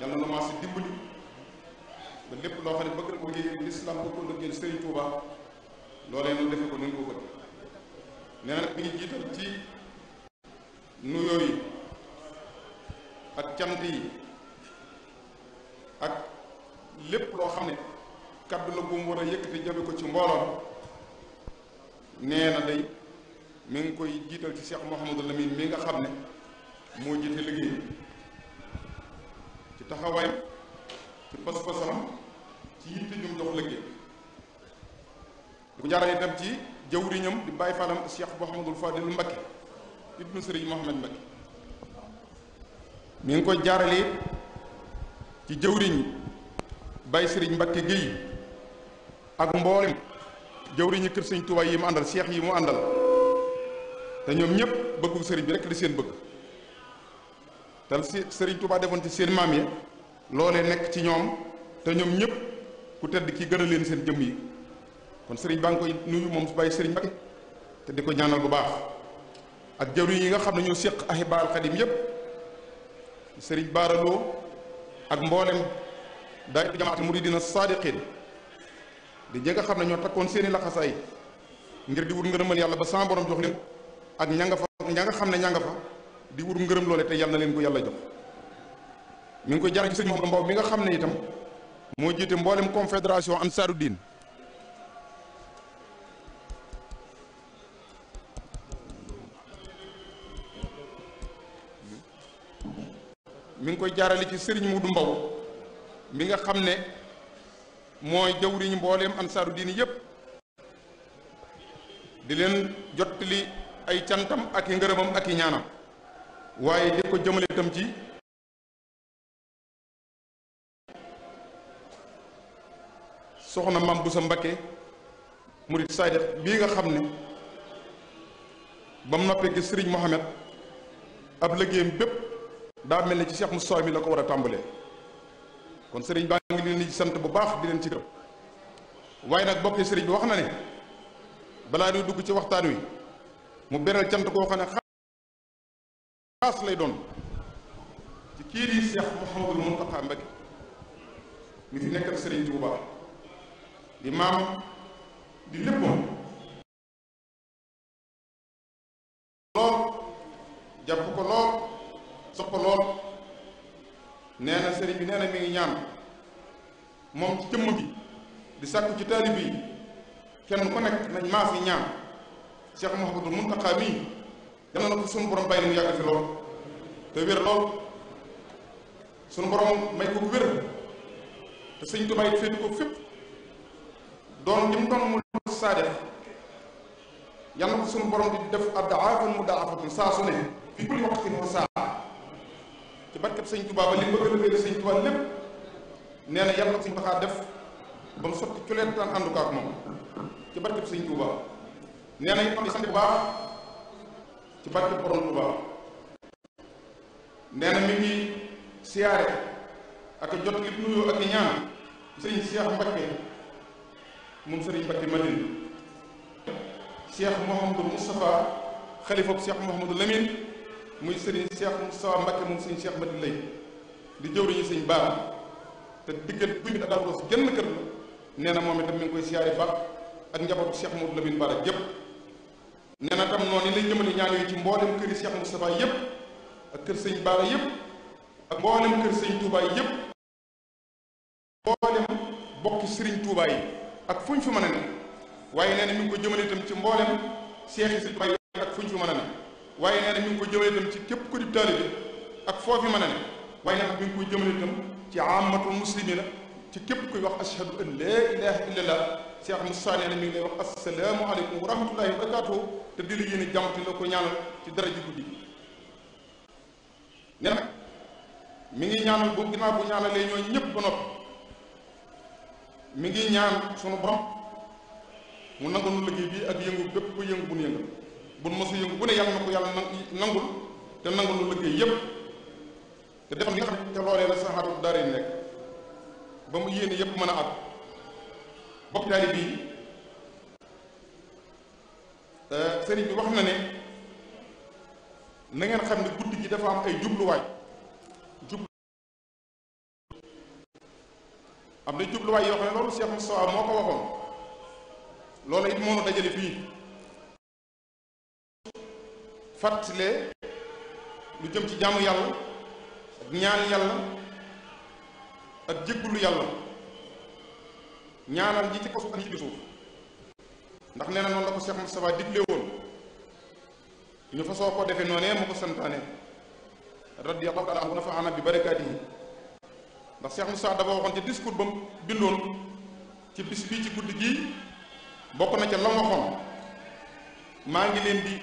yal na ma si dimbali ba lépp loo xam ne bëgg na ko liggéeyal lislaam bëgg ko liggéeyal Serigne Touba loolee ñu defe ko nu ñu ko bëgg nee na nag mi ngi jiital ci nuyoo yi ak cant yi ak lépp loo xam ne kaddu la bu mu war a yëkkati jabe ko ci mbooloom nee na day mi ngi koy jiital ci Cheikh Mouhamadou Lamine mi nga xam ne moo jiite liggéey taxawaay ci pas-pasam ci yitte jum jox liggéey di ko jaarale itam ci jawriñam di bàyyi falam Cheikh Mouhamadul Fadil Mbacké ibnu Serigne Mohamed Mbacké mi ngi ko jaarale ci jawriñ Baye Serigne Mbacké Guèye ak mboolem jawriñu kër Serigne Touba yi mu àndal Cheikh yi mu àndal te ñoom ñëpp bëggu Serigne bi rek li seen bëgg te si Serigne Touba defoon ci seen maam yi loole nekk ci ñoom te ñoom ñëpp ku tedd ki gën leen seen jëm yi kon sëriñ baa ngi koy nuyu moom su bàyyi Serigne te di ko ñaanal bu baax ak jawriñ yi nga xam ne ñoo séq Ahibahil Khadim yëpp Serigne baaraloo ak mboolem daayira jamaat muridina saadiqin di ñi xam ne ñoo takkoon seeni laxasaay ngir di wut ngërëmal yàlla ba saa borom jox leen ak ñanga nga fa ña nga xam ne ña fa. di wut ngërëm loole te yal na leen ko yàlla jox mi ngi koy jare ci sëñ Mbow mi nga xam ne itam moo jiite mboolem confédération Ansaru Diin mi ngi koy jaarale ci sëriñ Mudu Mbow mi nga xam ne mooy jawriñ mbooleem am ansaaru diini yépp di leen jotli ay cantam ak i ngërëmam ak i ñaanam waaye di ko jëmale itam ci soxna maam bu sa mu murit Saadiq bii nga xam ne ba mu noppee gis Serigne Mohamed ab liggéeyam bépp daa mel ni ci mu Moustapha mi la ko war a tàmbalee kon sëriñ baa ngi leen di sant bu baax di leen ci gërëm waaye nag bokk sëriñ bi wax na ne balaa ñuy dugg ci waxtaan wi mu beral cant koo xam ne. xaas lay doon ci kii di Cheikh Mouhamadul Mountakha Mbacké mi fi nekkal Serigne Touba di maam di léppoon jàpp ko lool sopp ko lool bi nee na mi ngi ñaan moom ci jëmm gi di sàkku ci taalibe yi kenn ku nekk nañ maas yi ñaan Cheikh Mouhamadul Mountakha mii yal na ko suñu borom bàyyi mu yàgg fi lool te wér lool suñu borom may ko wér te sëñ Tuubaa it féetu ko fépp doon li mu doon mu saadef yal na ko suñu borom di def addaafan mudaafatun saa su ne fi kulli waxtin wa saa ci barkeb sëñ Tuubaa ba li mu bëgg a liggéey sëñ Tuubaa lépp nee na yal na ko suñu baxaa def ba mu sotti culeet àndukaak moom ci barkeb sëñ Tuubaa nee na it am di baax ci barke borom Tuubaa nee na mi ngi siyaare ak jot li nuyoo ak ñaan sëriñ Cheikh Mbacké moom sëriñ Mbacké Madina Cheikh Mouhamadou mu xalifab Cheikh Mouhamadou Lamine muy sëriñ Cheikh lay di jëwriñu sëñ Baara te diggante bu bi daal di genn kër la moom itam mi ngi koy siyaare baax ak njabootu Cheikh Mouhamadou Lamine Baara yëpp. nee na tam noonu lañ jëmale ñaan yooyu ci mboolem këri Cheikh Moustapha yépp ak kër sëñ Baara yépp ak mboolem kër sëñ Touba yépp mboolem bokki sëriñ Touba yi ak fu ñu fi mën a ne na mi ngi ko jëmale itam ci mboolem seexi si Touba yi ak ñu mën a ne waaye nee na mi ngi ko jëmale tam ci képp ku di taalibe ak foo fi mën a ne waaye nag mi ngi ko jëmale itam ci amatul muslimina ci képp kuy wax ashhadu an laa ilaha illallah Cheikh Moussa nee na mi ngi lay wax asalaamaaleykum wa rahmatullahi wa barakaatuhu te di la yéene jàmm te la ko ñaanal ci dara ji guddi nee nag mi ngi ñaanal bu ginnaaw bu ñaanalee ñooñu ñëpp ba noppi mi ngi ñaan mu nangu nu liggéey bii ak yëngu bépp yëngu bu nu yëngal bu nu yëngu bu ne yàlla na ko yàlla nangul te nangu nu liggéey yëpp te defal li nga xam ne te loolee la saxaatu daara nekk ba yéene yëpp mën a at. bokk daali bii euh, sëriñ bi wax na ne na xam ne guddi gi dafa am ay jubluwaay jublu am na jubluwaay yoo xam ne loolu Cheikh Moustapha moo ko waxoon loolu it moonu dajale fii fàttalee lu jëm ci jàmm yàlla ak ñaan yàlla ak jéggulu yàlla ñaanal ñi ci kaw suuf ak ndax nee na noonu la ko Cheikh Moustapha digle woon ñu fa soo ko defee noonee mu ko santaane radiyallahu taala anhu nafaana bi barakaatihi ndax Cheikh Moustapha dafa waxoon ci discours ba mu bindoon ci bis bii ci guddi gii bokk na ca la maa ngi leen di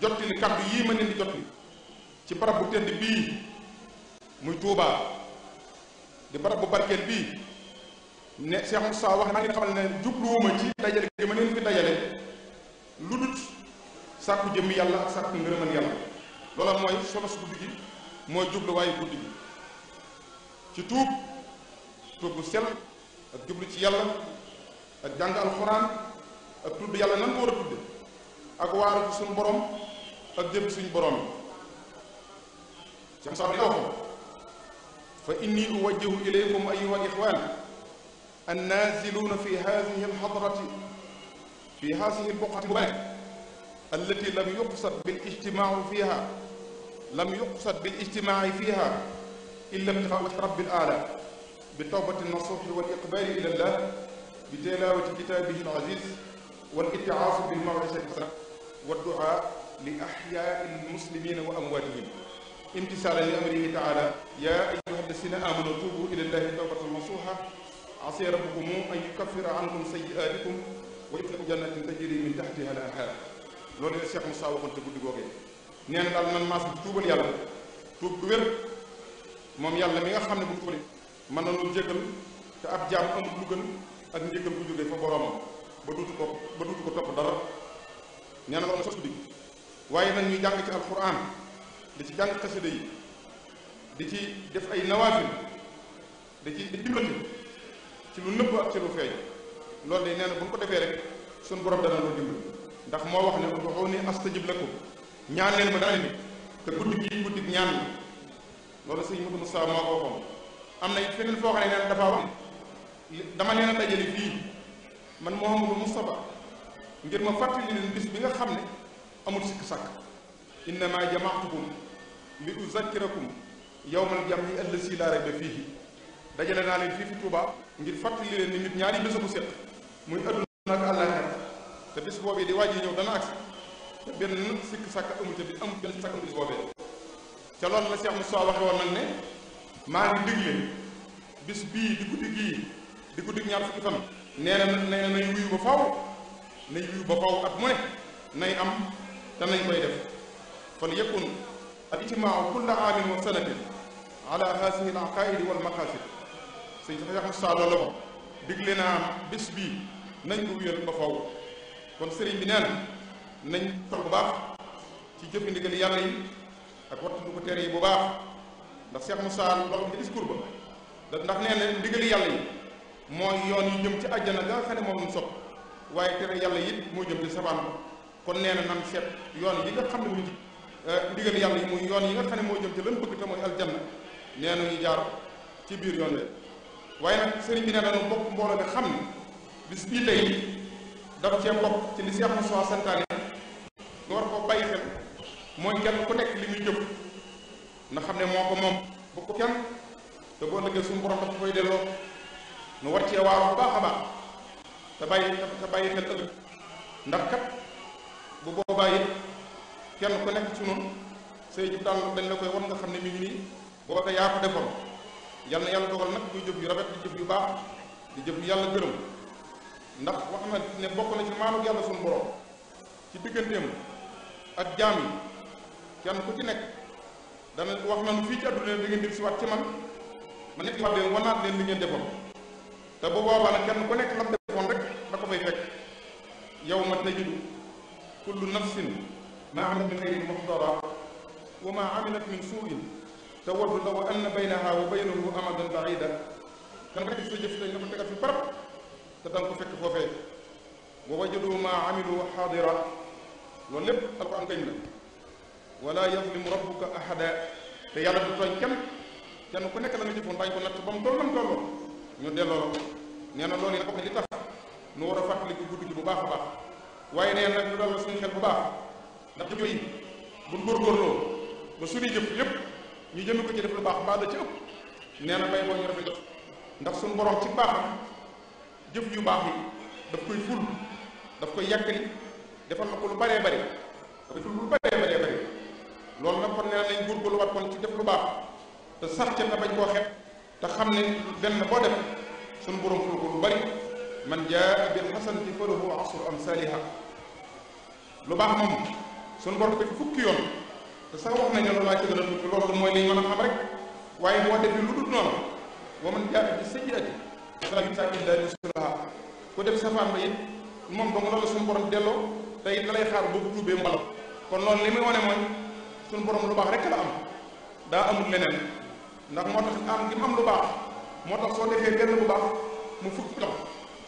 jottali kàddu yii ma leen di jottali ci barab bu tedd bii muy Touba di barab bu barkeel bii ne Cheikh Moussa wax naa leen xamal ne jubluwuma ci dajale gi ma fi dajale lu dut sàkku jëmm yàlla ak sàkku ngërëmal yàlla loola mooy solos guddi gi mooy jubluwaayu guddi gi ci tuub tuub bu ak jublu ci yàlla ak jàng alxuraan ak tudd yàlla nan ko war a tudde ak waaru suñu borom ak jëm suñu borom Cheikh Moussa wax fa inni uwajjihu ilaykum ayyuha النازلون في هذه الحضرة في هذه البقعة المباركة التي لم يقصد بالاجتماع فيها لم يقصد بالاجتماع فيها إلا ابتغاء رب الأعلى بالتوبة النصوح والإقبال إلى الله بتلاوة كتابه العزيز والاتعاف بالموعظة الحسنة والدعاء لأحياء المسلمين وأمواتهم امتثالا لأمره تعالى يا أيها الذين آمنوا توبوا إلى الله توبة نصوحا عسى ربكم أن يكفر a سيئاتكم ويدخلكم جنات تجري من تحتها الأنهار loolu la Cheikh Moussa waxoon te guddi googee nee na daal man maas tuubal yàlla tuub gu wér moom yàlla mi nga xam ne bu tuubali mën na nu jéggal te ab jaam amul lu gën ak njéggal bu jógee fa boroomam ba duutu ko ba duutu ko topp dara nee na loolu sos guddi waaye nag ñuy jàng ci alquran di ci jàng xasida yi di ci def ay nawaafil di ci dimbali ci lu nëbb ak ci lu feeñ loolu de nee na bu ñu ko defee rek suñu borom dana lu dimbali ndax moo wax ne ud'uuni astajib lakum ñaan leen ma dana ni te guddi gi guddi ñaan la loolu sëñ Mudu Musaa moo ko waxoon am na feneen foo xam ne neen dafa wax dama leen a dajale fii man Mouhamadou Moustapha ngir ma fàttali leen bis bi nga xam ne amul sikk sàkk innama jamaatukum li uzakkirakum yowmal jam'i allazi laa fii fiihi dajale naa leen fii fi Tuubaa ngir fàttali leen ni nit ñaari bés a ko séq muy adduna ak àllaaxira te bis boobee di waaj ñëw dana agsi te benn sikk sàkk amul te bi amul benn sàkk amul bis boobee ca loolu la Cheikh Moussa waxe woon nag ne maa ngi digle bis bii di guddi gii di guddi ñaar fukki fan nee na nee na nay wuyu ba faw nay wuyu ba faw at mu ne nay am te nañ koy def fal yakun al ijtimaau kulla aamin wa sanatin ala haasihi al aqaaidi wal maqaasid Seydina Moussa la moom digle naa bés bii nañ ko wéyal ba faw kon sëriñ bi neen nañ toog bu baax ci jëfe ndigal yàlla yi ak wattu ko tere yi bu baax ndax Cheikh Moussa wax ci discours ba da ndax nee na ndigal yàlla yi mooy yoon yu ci àjjana nga xam ne moom lañ sopp waaye tere yàlla it moo jëm ci sabaan kon nee na nan seet yoon yi nga xam ne mu ci eh, ndigal yàlla yi mooy yoon yi nga xam ne moo jëm ci lan bëgg te mooy aljanna nee na ñu jaar ci biir yoon we waaye nag sëriñ bi ne dañu bokk mbooloo mi xam ne bis bii tey daf cee bokk ci li Cheikh Moussa santaane nga war koo bàyyi xel mooy kenn ku nekk li muy jëf na xam ne moo ko moom bu ko kenn te boo lëggee suñu borom dafa koy delloo nu war cee waaru bu baax a baax te bàyyi te bàyyi xel ëllëg ndax kat bu boobaa it kenn ku nekk ci noonu say jub daal dañ la koy war nga xam ne mi ngi nii boo ko yaa ko defoon yàlla na yàlla dogal nag kuy jëf yu rafet di jëf yu baax di jëf yàlla gërëm ndax wax na ne bokk na ci maanu yàlla suñu borom ci digganteem ak jaam yi kenn ku ci nekk dana wax na nu fii ci àdduna di ngeen si waat ci ma nekk wax leen wanaat leen li ngeen defoon te bu boobaa nag kenn ku nekk lam defoon rek da ko fay fekk yow ma tajidu kullu nafsin maa amilat min xayrin muxdara wa maa amilat min suuin tawaddu law anna baynaha wa baynahu amadan baida kan nga gis sa jëf tey na ko tegal fi barab te danga ko fekk foofee wa wajadu ma amilu xaadira loolu lépp alquran kañ la wala yazlimu rabbuka ahada te yàlla du tooñ kenn kenn ku nekk la nga jëfoon daañu ko natt ba mu tollam tolloo ñu delloo la ko na loolu yi nga nu war a fàttaliku guddi gi bu baax a baax waaye nee nag ñu dal la suñu xel bu baax ndax jëf yooyu buñ góorgóorloo ba suñuy jëf yépp ñu jëme ko ci def lu baax mbaa la ci ëpp nee na bay boo ñu rafet ndax suñu borom ci baaxam jëf yu baax yi daf koy ful daf koy yàkkali defal na ko lu baree bari defal lu baree baree bari loolu nag kon nee nañ góorgóorlu wat kon ci def lu baax te sax na bañ koo xam ne benn boo def suñu borom ful ko lu bari man jaa bil hasanati falahu asru amsaliha lu baax moom suñu borom def fukki yoon te sax wax nañ ne loolu laaj dëgg la loolu mooy li ñu mën a xam rek waaye boo defee lu dul noonu boo mën jàpp ci sëjjati dara bi sàkk daal sulaha ku def safaan ba it moom dong loolu suñu borom delloo tey da lay xaar boobu tuubee mbalam kon loolu li muy wane mooy suñu borom lu baax rek la am daa amul leneen ndax moo tax am gi mu am lu baax moo tax soo defee benn bu baax mu fukki lox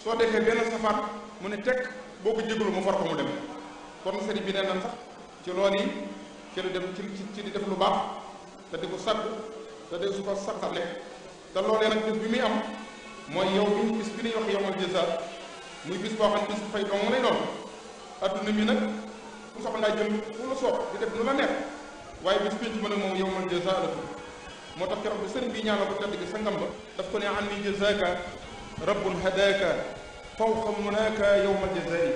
soo defee benn safaan mu ne tekk boo ko jégalu mu far ko mu dem kon sëriñ bi nee na sax ci loolu yi ci lu dem ci ci di def lu baax te di ko sàkku te de su ko saxale te loolee nag bis bi muy am mooy yow bi bis bi ñuy wax yowmal jazaa muy bis boo xam bis bu fay dong lay doon adduna bi nag ku soxlaa jëm fu la soob di def nu la neex waaye bis pénc ma nag moom yowmal jazaa la tudd moo tax keroog bi sëriñ bi ñaanal ko tedd gi sa ngam ba daf ko ne an ni jazaaka rabbul hadaaka fawqa munaaka yowmal jazaa yi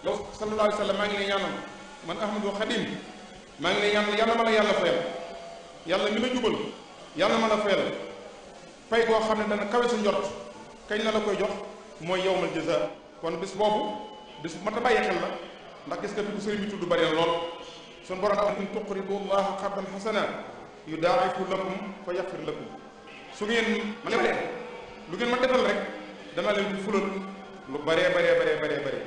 yow sallallahu sa wa maa ngi lay ñaanal man ahmadu xadim maa ngi ne yàlla yàlla ma la yàlla fayal yàlla mi la jubal yàlla ma la fayal fay boo xam ne dana kawe sa njort kañ la la koy jox mooy yawmal jaza kon bis boobu bis bu mat a bàyyi xel la ndax gis nga fi ko bi tudd bari na lool suñu borom dafa in tuqridu llaha yu hasana yudaa'ifu lakum fa yaghfir lakum su ngeen ma lebalee lu ngeen ma defal rek dana leen di lu baree baree baree baree baree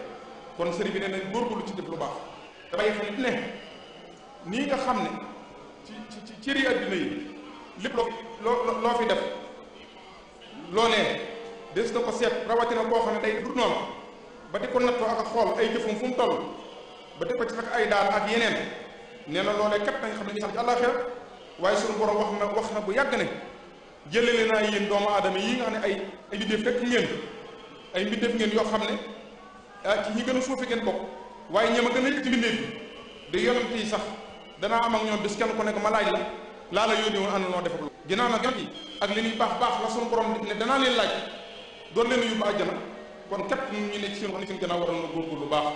kon sëriñ bi ne nañ góorgóorlu ci def lu baax te bàyyi xel ne nii nga xam ne ci ci cëri adduna yi lépp loo loo fi def loolee des na ko seet rawatina boo xam ne day du noonu ba di ko nattoo ak xool ay jëfum fu mu ba di ko ci fekk ay daal ak yeneen nee na loolee kat nañ xam ne ñu xam ci àllaaxira waaye suñu borom wax na wax na bu yàgg ne jëlale naa yéen doomu aadama yi nga ne ay ay mbindeef fekk ngeen ay mbindeef ngeen yoo xam ne ah, ci ñi gën a suufi ngeen bokk waaye ñoom a gën a yëkkati mbindeef bi di yonent yi sax danaa am ak ñoom bis kenn ku nekk ma laaj la laa la yónni woon ànd noo defak lu ginnaaw nag gi ak li ñuy baax baax la suñu borom ne danaa leen laaj doon leen yóbbu àjjana kon képp ñu ne ci seen xam ne seen gannaaw waroon na góorgóorlu baax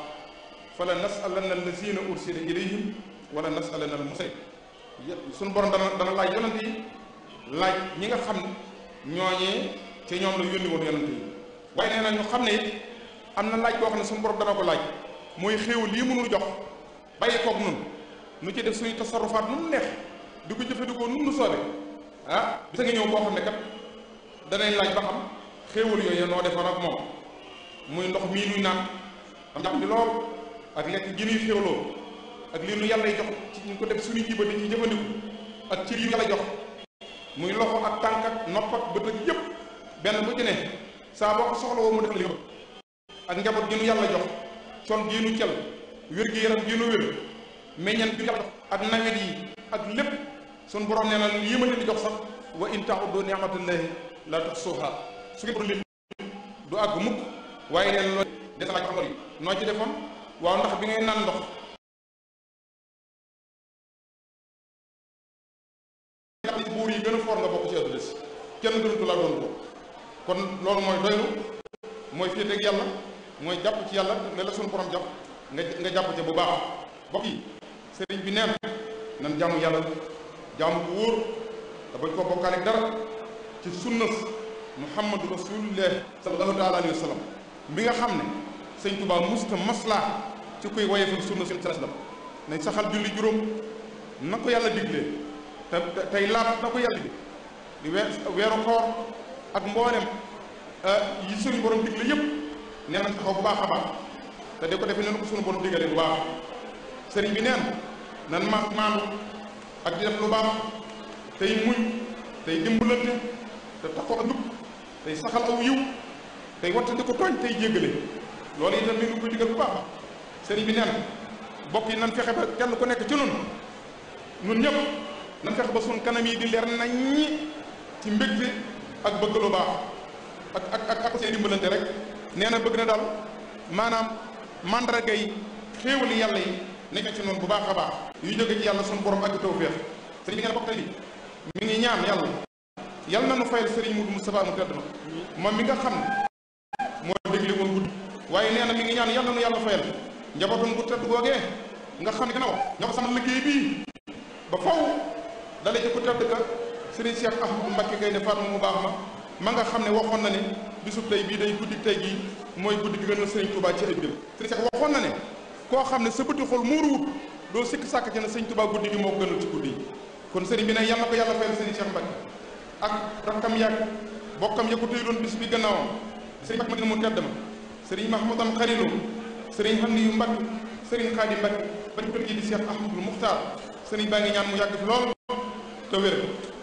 fala nasalanna allazina ursila ilayhim wala nasalanna al mursalin suñu borom dana dana laaj yonent yi laaj ñi nga xam ñooñee te ñoom la yónni woon yonent yi waaye nee na ñu xam ne it am na laaj boo xam ne suñu borom dana ko laaj mooy xéew lii mënul jox bàyyi koog nun nu ci def suñu tasarrufaat nu mu neex di ko jëfandikoo nu mu soobee ah bisa nga ñëw boo xam ne kat danañ laaj ba xam xéewal yooyu noo defoon ak moom muy ndox mii nuy naan am jàpp di lool ak lekk gi nuy xéewloo ak lii nu yàlla jox ci ñu ko def suñu jiba di ñu jëfandiku ak cër yu jox muy loxo ak tànk ak nopp ak bët ak yëpp benn bu ci mu defal njaboot gi nu yàlla jox col gi nu cel wér gi yaram gi wér meññan bi nga ak nawet yi ak lépp sunu borom nee na lii ma leen di jox sax wa in ta'uddu ni'matallahi la tuhsuha su ngeen du àgg mukk waaye neen loo desalaaj xamal yi noo ci defoon waaw bi ngay naan ndox ndax buur yi gën a foor nga bokk ci àdduna si kenn gënatu laa doon ko kon loolu mooy doylu mooy féete ak yàlla mooy jàpp ci yàlla ne la sunu borom jàpp nga nga jàpp ci bu baax bokk yi sëriñ bi neen nan jaamu yàlla jaamu bu wóor te bañ koo bokkaale ak dara ci sunnas muhammadu rasulillah sallallahu taala alayhi wa sallam bi nga xam ne sëñ tubaa musta maslaa ci kuy wayeefal sunna si sallam nañ saxal julli juróom na ko yàlla diglee te tey laab na ko yàlla bi di weeru koor ak mboolem euh, yi suñu borom digle yépp nee nañ taxaw bu baax a baax te di ko defee ne ko suñu borom digalee bu baax sëriñ bi neen nan ma maanu ak di def lu baax tey muñ tey dimbalante te taxaw a jub tey saxal aw yiw tey wattandi tooñ tey jéggale loolu itam ni lu koy digal bu baax sëriñ bi neen bokk yi nan fexe ba kenn ku nekk ci nun nun ñëpp nan fexe ba sun kanam yi di leer naññi ci mbég mbégte ak bëgg lu baax ak ak ak ak seen dimbalante rek nee na bëgg na daal maanaam mandarga yi xéewali yàlla yi nekk ci noonu bu baax a baax yu jóge ci yàlla suñu borom ak tawféex sëriñ bi ngeen bokk tey mi ngi ñaan yàlla yàlla na nu fayal sëriñ Mudu Mustafa mu tedd ma moom mi nga xam ne moo dégle waaye nee na mi ngi ñaan yàlla nu yàlla fayal njabootam bu tedd googee nga ne gën a wax ñoo ko sama liggéey bii ba faw dale ci ku tedd ka sëriñ Cheikh Ahmadou Mbacké mu baax ma ma nga xam ne waxoon na ne bisub tey bii day guddi tey gii mooy guddi gi gënal sëriñ Touba ci ay mbir sëriñ Cheikh waxoon na ne koo xam ne sa bëti xol muuruwut doo sikk sàkk ci ne sëñ Tuubaa guddi gi moo gënal ci guddi kon sëriñ bi ne yàlla ko yàlla fayal sëriñ Cheikh Mbacke ak rakkam yàgg bokkam yàggu tey doon bis bi gannaawam sëriñ Mbacke mu tedd ma sëriñ Mahmoudan Xarilo sëriñ xam yu Mbacke sëriñ Xaadi Mbacke ba ci kër gi di Cheikh Ahmadul Muxtaar sëriñ baa ngi ñaan mu yàgg fi lool te wér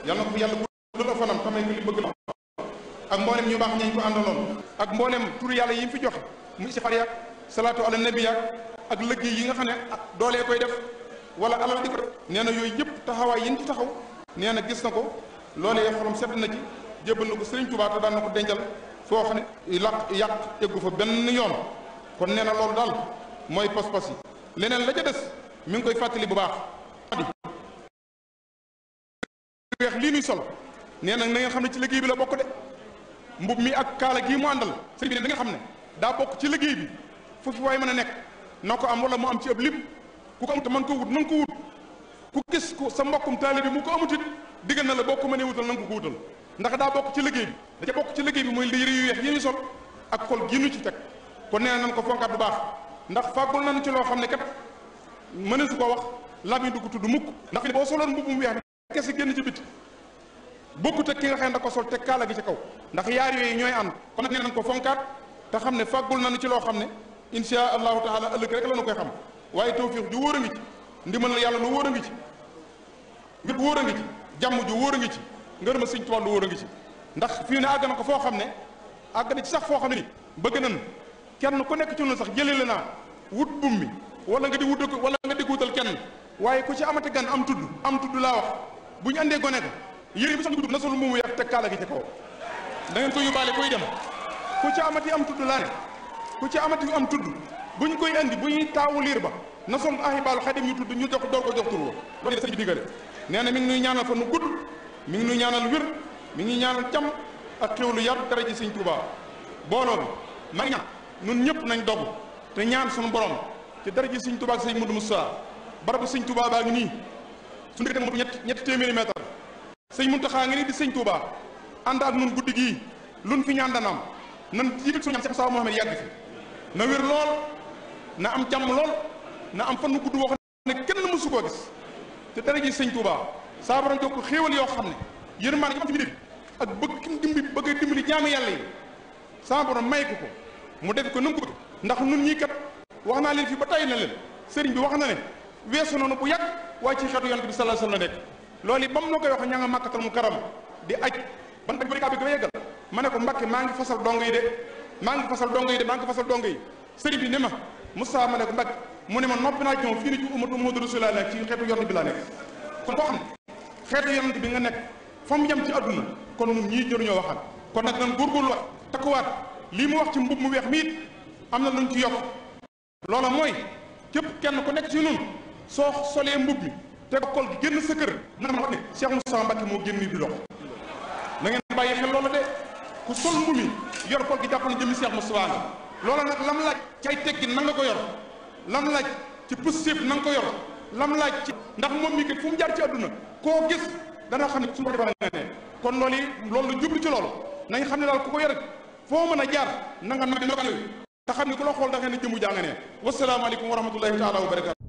yàlla ko yàlla guddal fanam tamay ko li bëgg la ak mboolem ñu baax ñañ ko àndaloon ak mboolem turu yàlla yi salaatu ala nabi ak ak liggéey yi nga xam ne ak doolee koy def wala alal di ko def nee na yooyu yëpp taxawaay yi ñu taxaw nee na gis na ko loolee xolam sedd na ci na ko Sëriñ Tuubaa daan na ko dencal foo xam ne làq yàq eggu fa benn yoon kon nee na loolu daal mooy pas leneen la ca des mi ngi koy fàttali bu baax weex lii nuy sol nee na na ngeen xam ci liggéey bi la bokk de mbub mi ak kaala gii mu àndal sëriñ bi ne xam ne daa bokk ci liggéey bi fu fi waay mën a nekk na ko am wala mu am ci ab lim ku ko amut man ko wut nanga ko wut ku gis ko sa mbokkum taalibe mu ko amutit diggal na la boo ko mënee wutal nanga ko wutal ndax daa bokk ci liggéey bi da ca bokk ci liggéey bi mooy li yëre yu weex yi ci teg kon nee nañ ko fonkaat bu baax ndax fàggul nañ ci loo xam ne kat mëne su wax lami du ko tudd mukk ndax boo soloon mbubb mu weex bi kese génn ci biti bokkut ak ki nga xam ne da ko sol teg kaala gi ci kaw ndax yaar yooyu ñooy ànd kon nag nee nañ ko fonkaat te xam ne na nañu ci loo xam ne insha allahu taala ëllëg rek la nu koy xam waaye tawfiix ju wóor a ngi ci ndimal yàlla lu wóor a ngi ci mbir wóor a ngi ci ju wóor a ngi ci ngërëma sëñ Tuubaa lu wóor a ci ndax fii ne àgg na ko foo xam ne àgg na ci sax foo xam ne ni bëgg nan kenn ku nekk ci noonu sax jëlee la naa wut bum mi wala nga di wut wala nga di wutal kenn waaye ku ci amati gan am tudd am tudd laa wax bu ñu andee gone ko yére bi sax ñu tudd na sol moomu yàq teg kaala gi ca kaw da ngeen ko yóbbaale koy dem ku ci amati am tudd laa ne ku ci amati am tudd ñu koy andi bu ñuy taawu liir ba na som ahibaalu xadim ñu tudd ñu jox door ko jox tur wa loolu sëñ bi digale nee na mi ngi nuy ñaanal fa nu gudd mi ngi nuy ñaanal wér mi ngi ñaanal cam ak xéwlu yar dara ji sëñ Tuubaa booloo bi ma ngi ñaan nun ñëpp nañ dogu te ñaan suñu borom ci dara ji sëñ Tuubaa ak sëñ Mudu Musaa barabu sëñ Tuubaa baa ngi nii suñu diggante moom ñett ñetti téeméeri mètre sëñ Muntaxaa ngi nii di sëñ Tuubaa ànd ak nun guddi gii luñ fi ñaan dana am nan jiital suñu ñaan na wér lool na am jàmm lool na am fan nu gudd wax ne kenn mësu koo gis te dara ji sëñ Tuubaa saa borom jox ko xéewal yoo xam ne yërmaane gi am ci biir ak bëgg ki dimbi bëgg a dimbali jaami yàlla yi saa borom may ko ko mu def ko na ko bëgg ndax nun ñii kat wax naa leen fii ba tàyyi na leen sëriñ bi wax na ne weesu noonu bu yàgg waaye ci xeetu yonent bi sallallahu alayhi wasallam la nekk loolu yi ba na koy wax ña nga màkkatal mu karam di aj ban daj bari kaa bi ko yeggal ma ne ko mbàkke maa ngi fasal dong yi de maa ngi fasal dong yi de maa ngi fasal dong yi sëriñ bi ne ma Moustapha ma ne ko mbag mu ne ma noppi naa ci moom fii ni ci umatu Muhammadu Rasulullah nekk ci xeetu yonent bi laa nekk kon koo xam xeetu yonent bi nga nekk fa mu yem ci adduna kon ñun ñii jëruñoo waxal kon nag nan góorgóorlu waat takkuwaat lii mu wax ci mbub mu weex mi am na luñ ci yokk loola mooy képp kenn ku nekk ci ñun soo solee mbub mi te kool gi génn sa kër na ma wax ne Cheikh Moustapha Mbacke moo génn bi dox na bàyyi xel loola de ku sol mbumi yor ko gi jàpp na jëmmi Cheikh Moustapha nga loola nag lam laaj ci ay teggin na ko yor lam laaj ci positif na nga ko yor lam laaj ci ndax moom mi kat fu mu jaar ci àdduna koo gis dana xam ne suñu borom nga ne kon lool yi loolu lu jublu ci lool nañ xam ne daal ku ko yor foo mën a jaar na nga nag lokan te xam ne ku la xool da nga ne jëmu jaa nga ne wasalaamaaleykum wa rahmatullahi taala wa barakatu